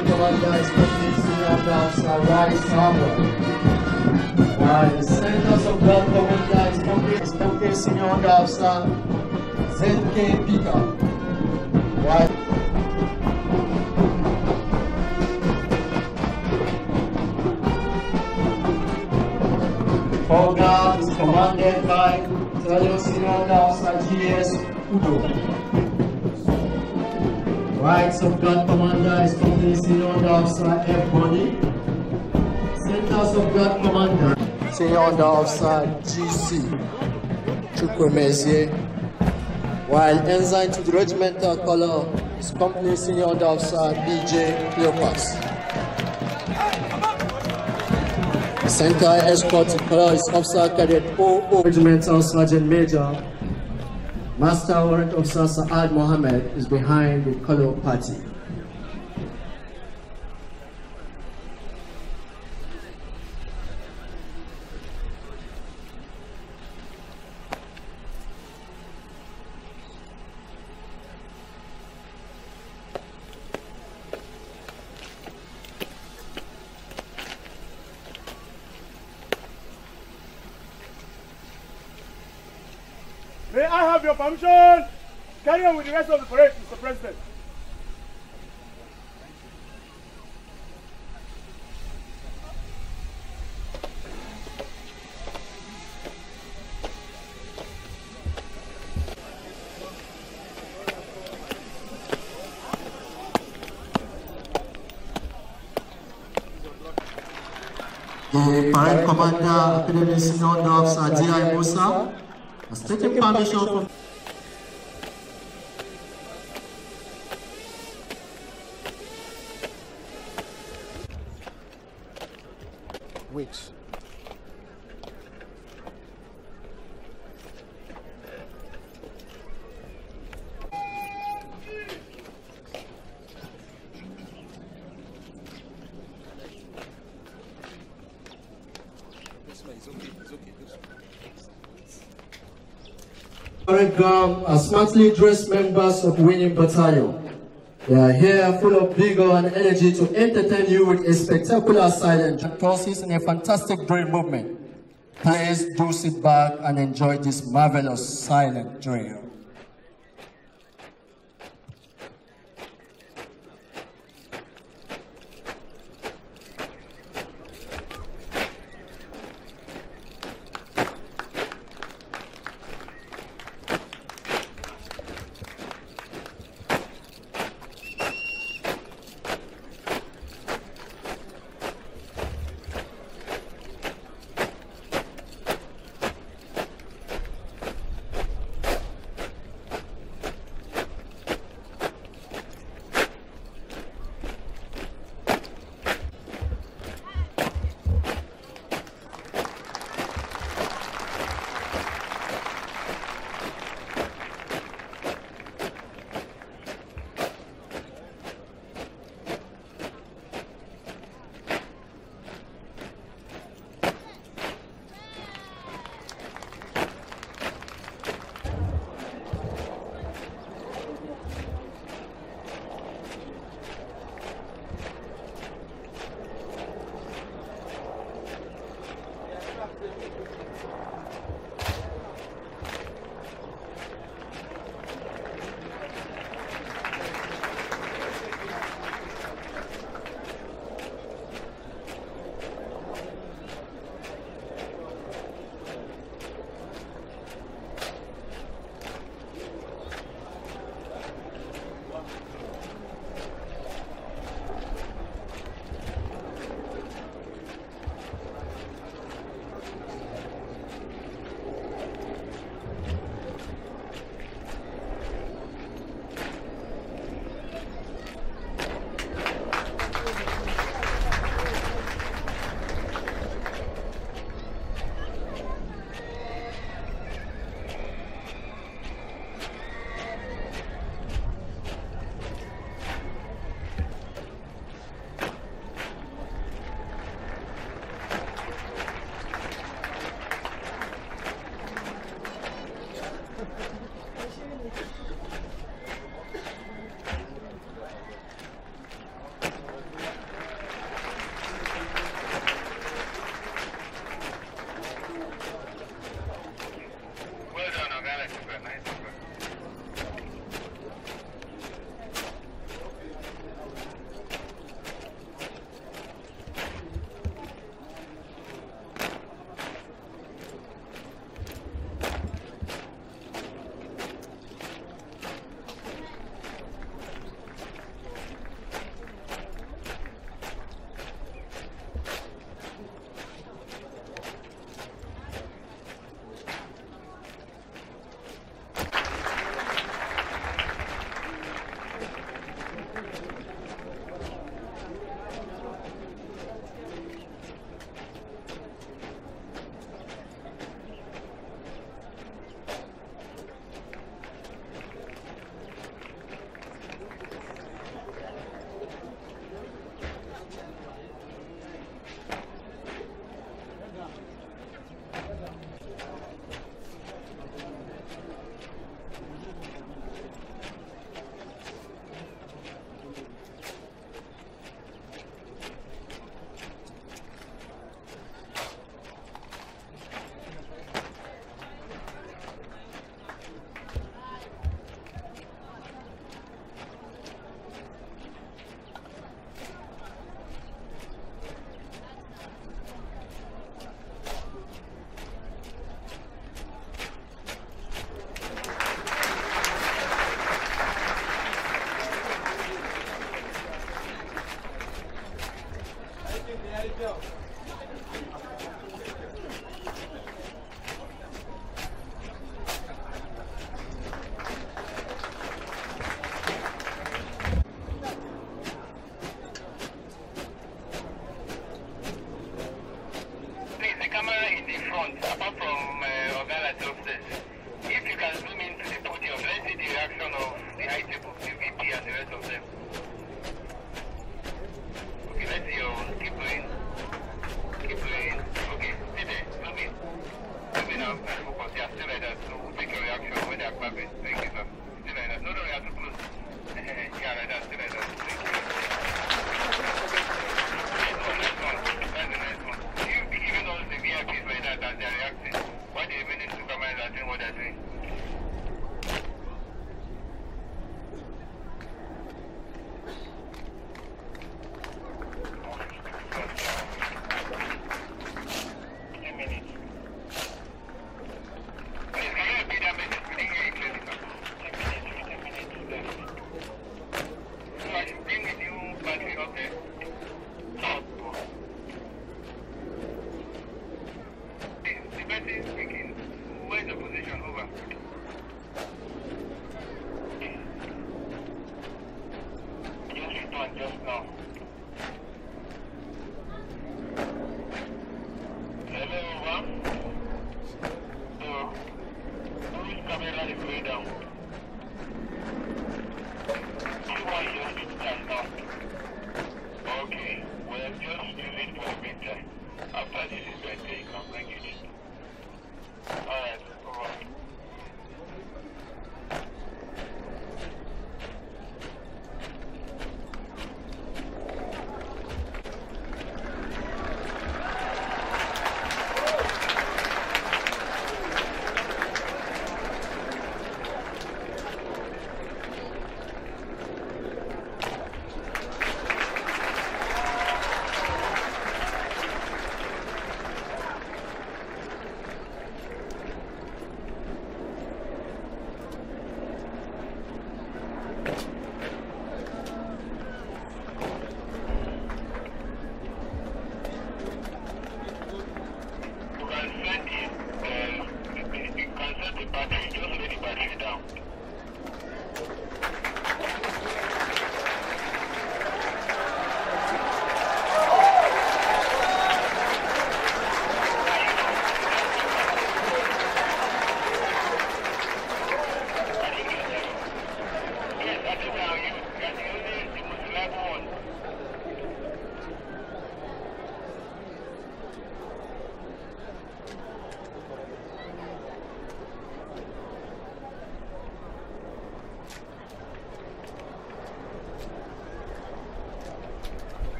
apologize for mixing your thoughts I write somewhere I send us a blood apologize for mixing for mixing your thoughts Sendo quem pica Why? All gods commanded by Tradicional Dalsa GS Udo Right, of God commander is placed in order of Sir F. Body. Center of God commander. Senior Officer of G.C. Chukwemezie. While ensign to the regimental color is company senior Officer of Sir B.J. Cleopas. Center escort color is officer cadet O.O. Regimental Sergeant Major Master Warrant Officer Saad Mohammed is behind the Color Party. the rest of the parade, Mr. President. parade commander, Academy Senior Doves Adia Musa, has taken permission from weeks. Current gown are smartly dressed members of winning battalion. We are here full of vigor and energy to entertain you with a spectacular silent process and a fantastic drill movement. Please do sit back and enjoy this marvelous silent drill.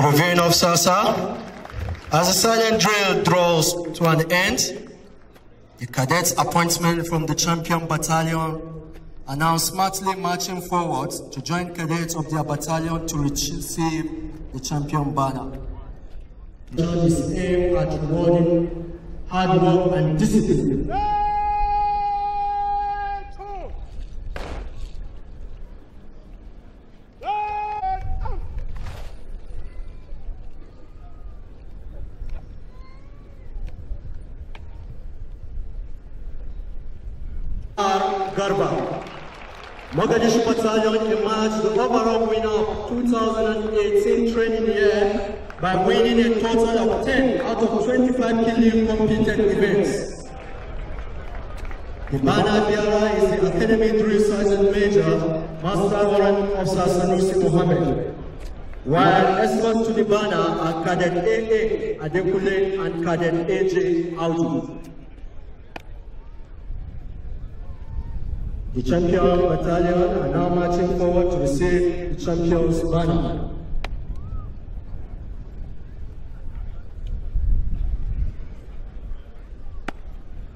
Conveying of Sasa, As the silent drill draws to an end, the cadets' appointment from the champion battalion are now smartly marching forward to join cadets of their battalion to receive the champion banner. The is at rewarding hard work and discipline. year by winning a total of 10 out of 25 Kilian competed events. The Diara is the Academy 3 Sergeant Major, Master Warrant Officer Sanusi Mohammed. While escorts to the banner are Cadet AA Adekule and Cadet AJ Audu. The champion battalion are now marching forward to receive the champion's banner.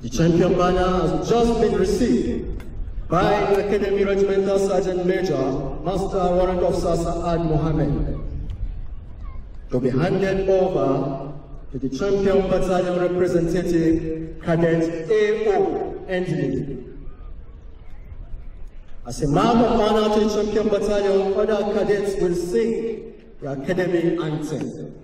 The champion banner has just been received by the Academy Regimental Sergeant Major, Master Warrant Officer Saad Mohammed, to be handed over to the champion battalion representative, Cadet A.O. Anthony. As a mark of honor to the champion battalion, other cadets will sing the Academy anthem.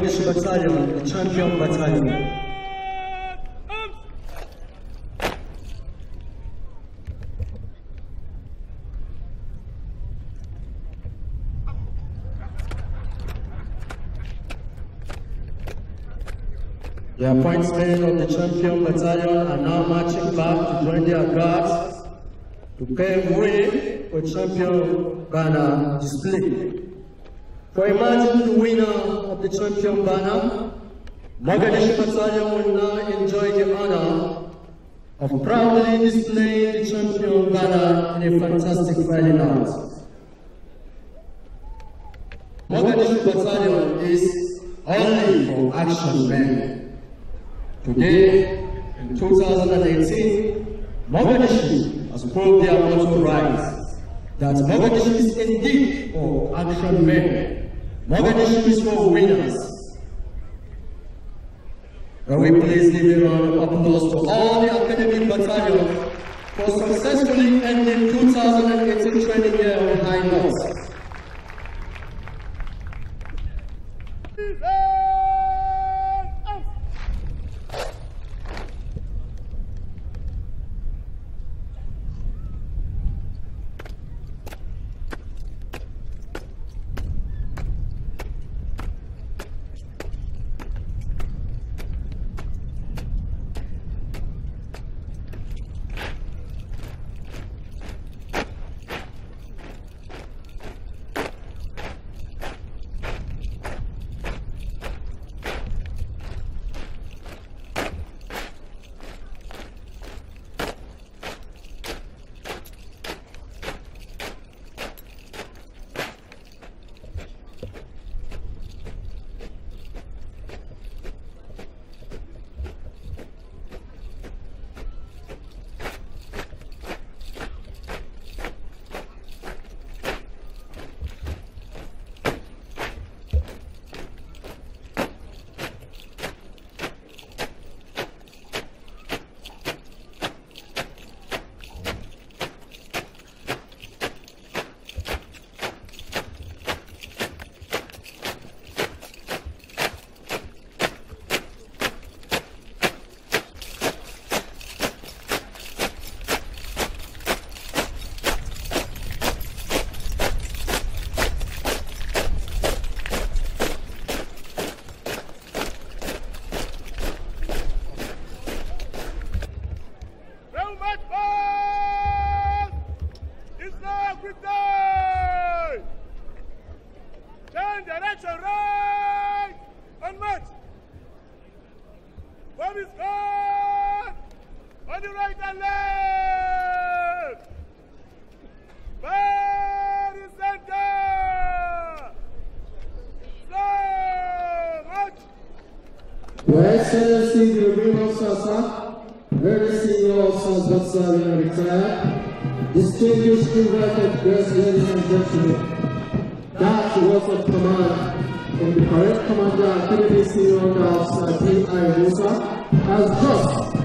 British Battalion, the Champion Battalion. The appointsmen of the champion battalion are now marching back to join their guards to pave way for champion banner display. For imagine the winner the champion banner, Mogadishu Battalion will now enjoy the honor of proudly displaying the champion banner in a fantastic Friday night. Mogadishu Battalion is only for action men. Today, in 2018, Mogadishu has proved their motto right, that Mogadishu is indeed for action men. Mogadishu is full winners. And we please give a round of applause to all the academic battalion for successfully ending 2018 training year on high notes.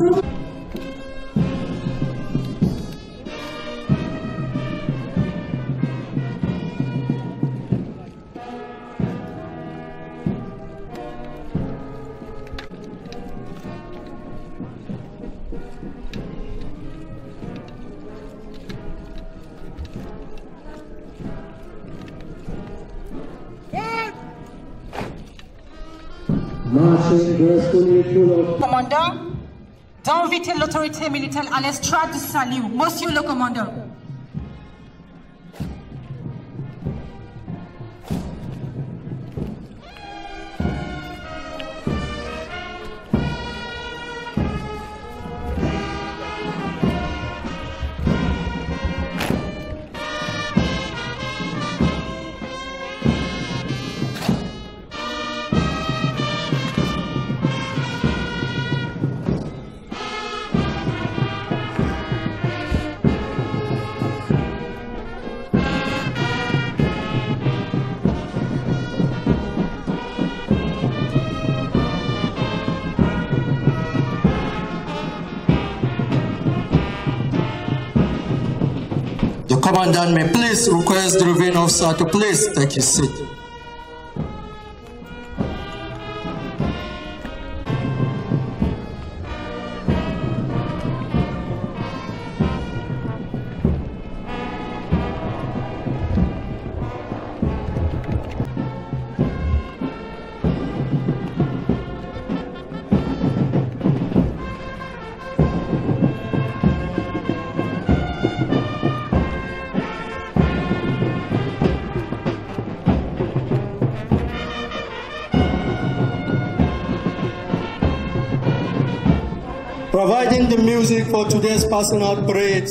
Thank you. autorités militaires à l'estrade du salut, Monsieur le Commandant. Commandant may please request the Revenue Officer to please take his seat. the music for today's personal parade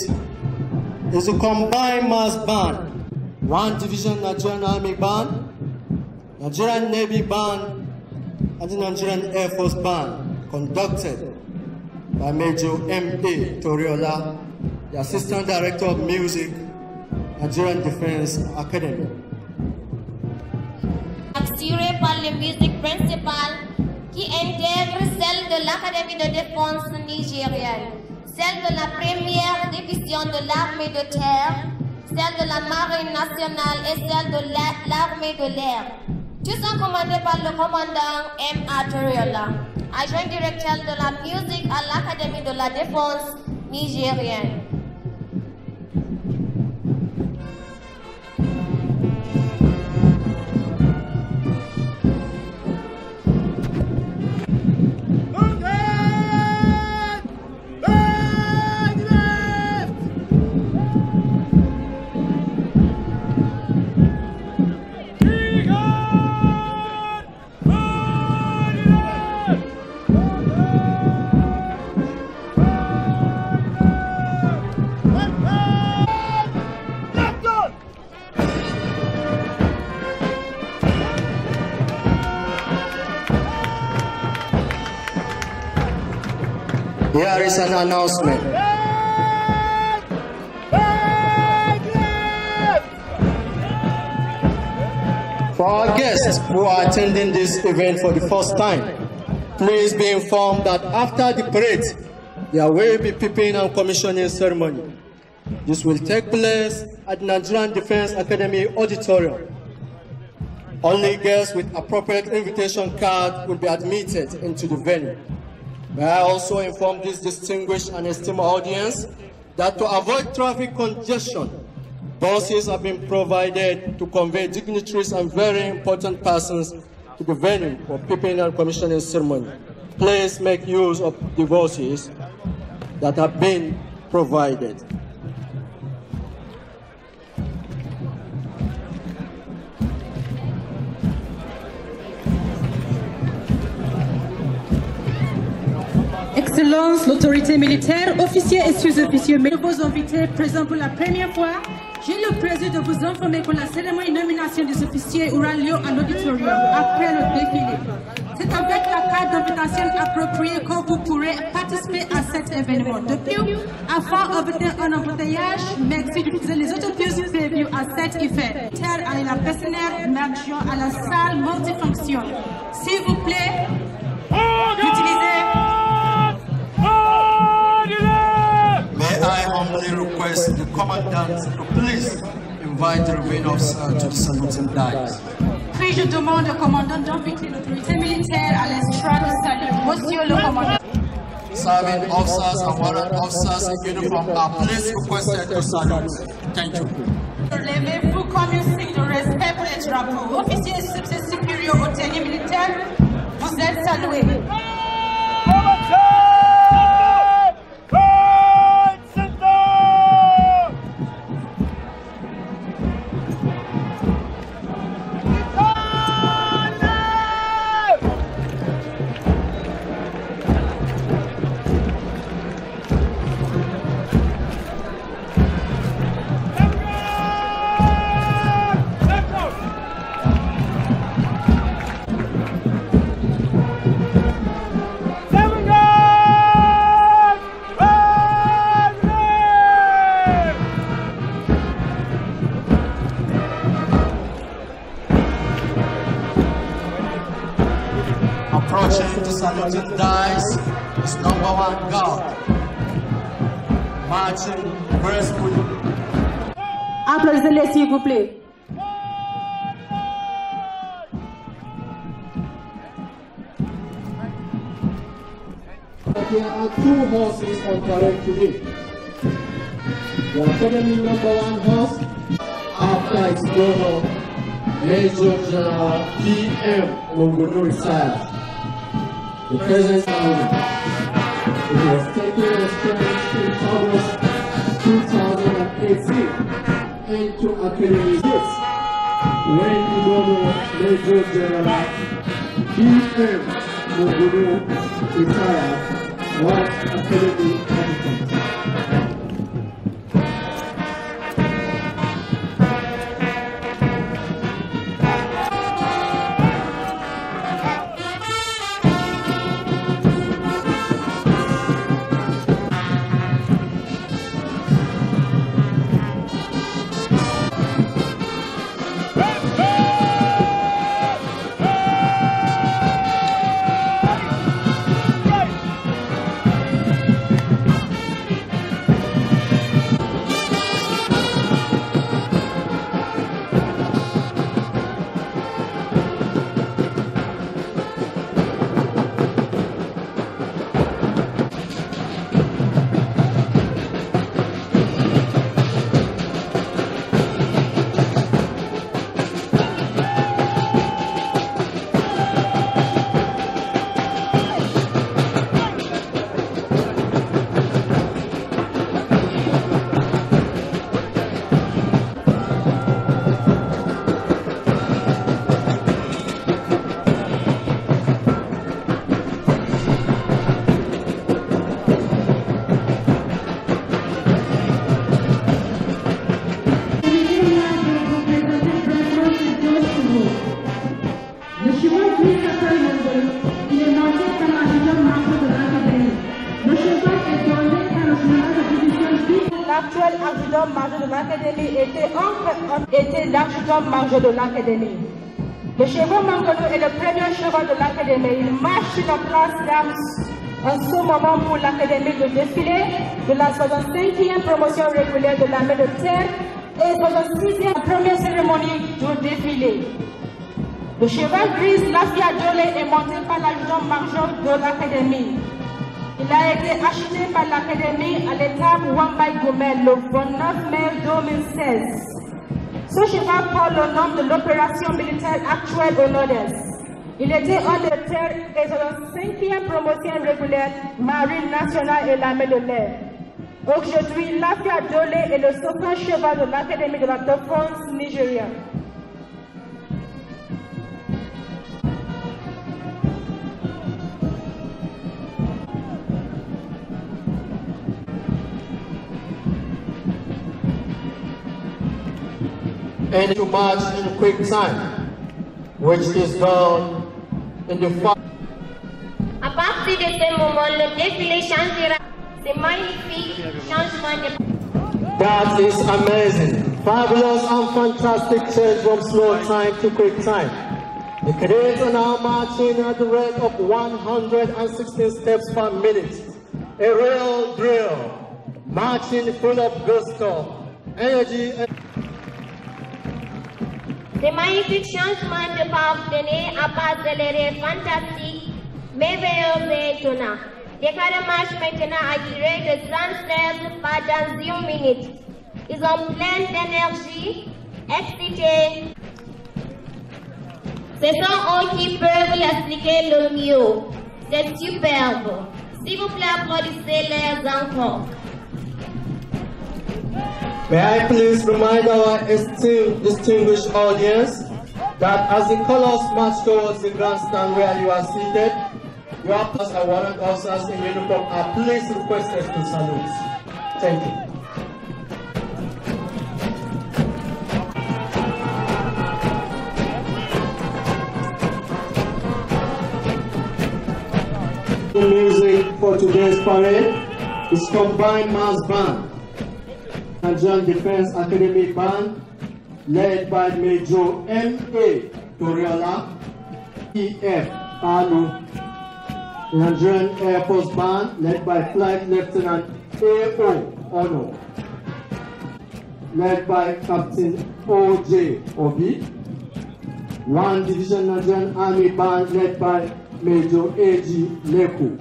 is a combined mass band. One division Nigerian Army Band, Nigerian Navy Band, and the Nigerian Air Force Band, conducted by Major M.A. Toriola, the Assistant Director of Music, Nigerian Defense Academy. Auxiliary Music Principal qui intègre celle de l'Académie de défense nigérienne, celle de la première division de l'armée de terre, celle de la marine nationale et celle de l'armée de l'air. Tous sont commandés par le commandant M. Atoriola, adjoint directeur de la musique à l'Académie de la défense nigérienne. Here is an announcement. For our guests who are attending this event for the first time, please be informed that after the parade, there will be peeping and commissioning ceremony. This will take place at Nigerian Defense Academy Auditorium. Only guests with appropriate invitation card will be admitted into the venue. May I also inform this distinguished and esteemed audience that to avoid traffic congestion, buses have been provided to convey dignitaries and very important persons to the venue for peeping and commissioning ceremony. Please make use of the buses that have been provided. l'autorité militaire, officiers et sous-officiers. Mais vos invités présents pour la première fois, j'ai le plaisir de vous informer que la cérémonie de nomination des officiers aura lieu à l'auditorium après le défilé. C'est avec la carte d'invitation appropriée que vous pourrez participer à cet événement. Depuis, afin d'obtenir un embouteillage, merci d'utiliser les autobus prévus à cet effet. Terre à la personne, à la salle multifonction. S'il vous plaît, humbly request the commandant to please invite the remaining officers to the saluting dais. Puis je demande au commandant d'inviter l'autorité militaire à l'estrade au salut. Monsieur le commandant. Serving officers and warrant officers in uniform are please requested to salute. Thank you. Levez-vous comme un signe de respect pour les drapeaux. Officiers et supérieurs au tenue militaire, vous êtes salués. the family number one after his Major General P.M. Longono retired. The present family. It was taken as in August 2018 into Academy 6 when Longono Major General P.M. Longono retired was Academy était entre était de l'Académie. Le cheval Mangolo est le premier cheval de l'Académie. Il marche sur la place d'Armes en ce moment pour l'Académie de défiler de la 65e promotion régulière de l'armée de terre et 66e première cérémonie de défilé. Le cheval gris, la fille est monté par l'adjudant major de l'Académie. Il a été acheté par l'Académie à l'étape Wambay Gomel le 29 mai 2016. Ce cheval porte le nom de l'opération militaire actuelle au Nord-Est. Il était un des et de cinquième promotion régulière marine nationale et l'armée de l'air. Aujourd'hui, l'Afia Dolé est le second cheval de l'Académie de la défense nigeria and to march in quick time, which is done in the À partir de ce moment, le défilé changera. C'est magnifique changement de... That is amazing. Fabulous and fantastic change from slow time to quick time. The cadets are now marching at the rate of 116 steps per minute. A real drill. Marching full of gusto, energy and... C'est magnifique changement de partenaires à part de l'air fantastique, merveilleux et étonnant. Les match maintenant à durée de 36 pas dans 10 minutes. Ils ont plein d'énergie, excités. Ce sont eux qui peuvent l'expliquer le mieux. C'est superbe. S'il vous plaît, applaudissez-les encore. May I please remind our esteemed, distinguished audience that as the colors march towards the grandstand where you are seated, your plus and warrant officers in uniform are please requested to salute. Thank you. music for today's parade is combined mass band Nigerian Defense Academy Band, led by Major M.A. Toriola, E.F. Anu, Nigerian Air Force Band, led by Flight Lieutenant A.O. Ono, led by Captain O.J. Obi, 1 Division Nigerian Army Band, led by Major A.G. Leku.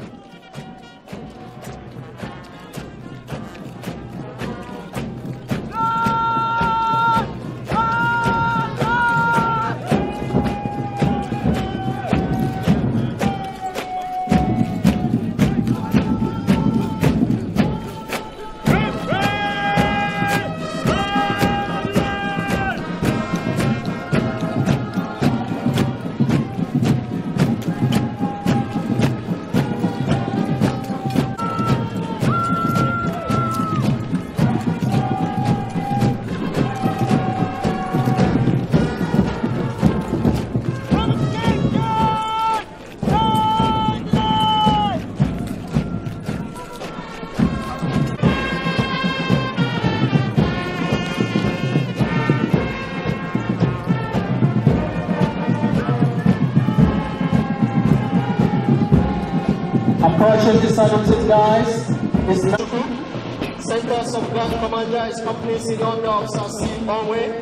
commander is Company Senior Officer C. Onwe.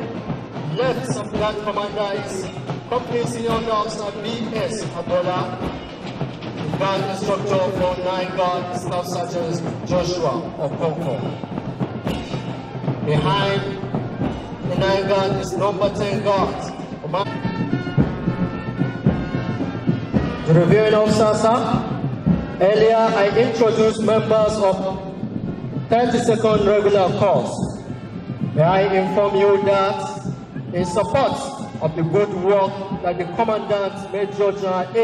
Left of Supplant Commander is Company Senior Officer B.S. Abola. Guard Instructor for 9 Guard Staff Sergeant Joshua Okonkwo. Behind the 9 Guard is number 10 Guard. The reviewing officer, sir. Earlier, I introduced members of 30 second regular course. May I inform you that in support of the good work that the Commandant Major General A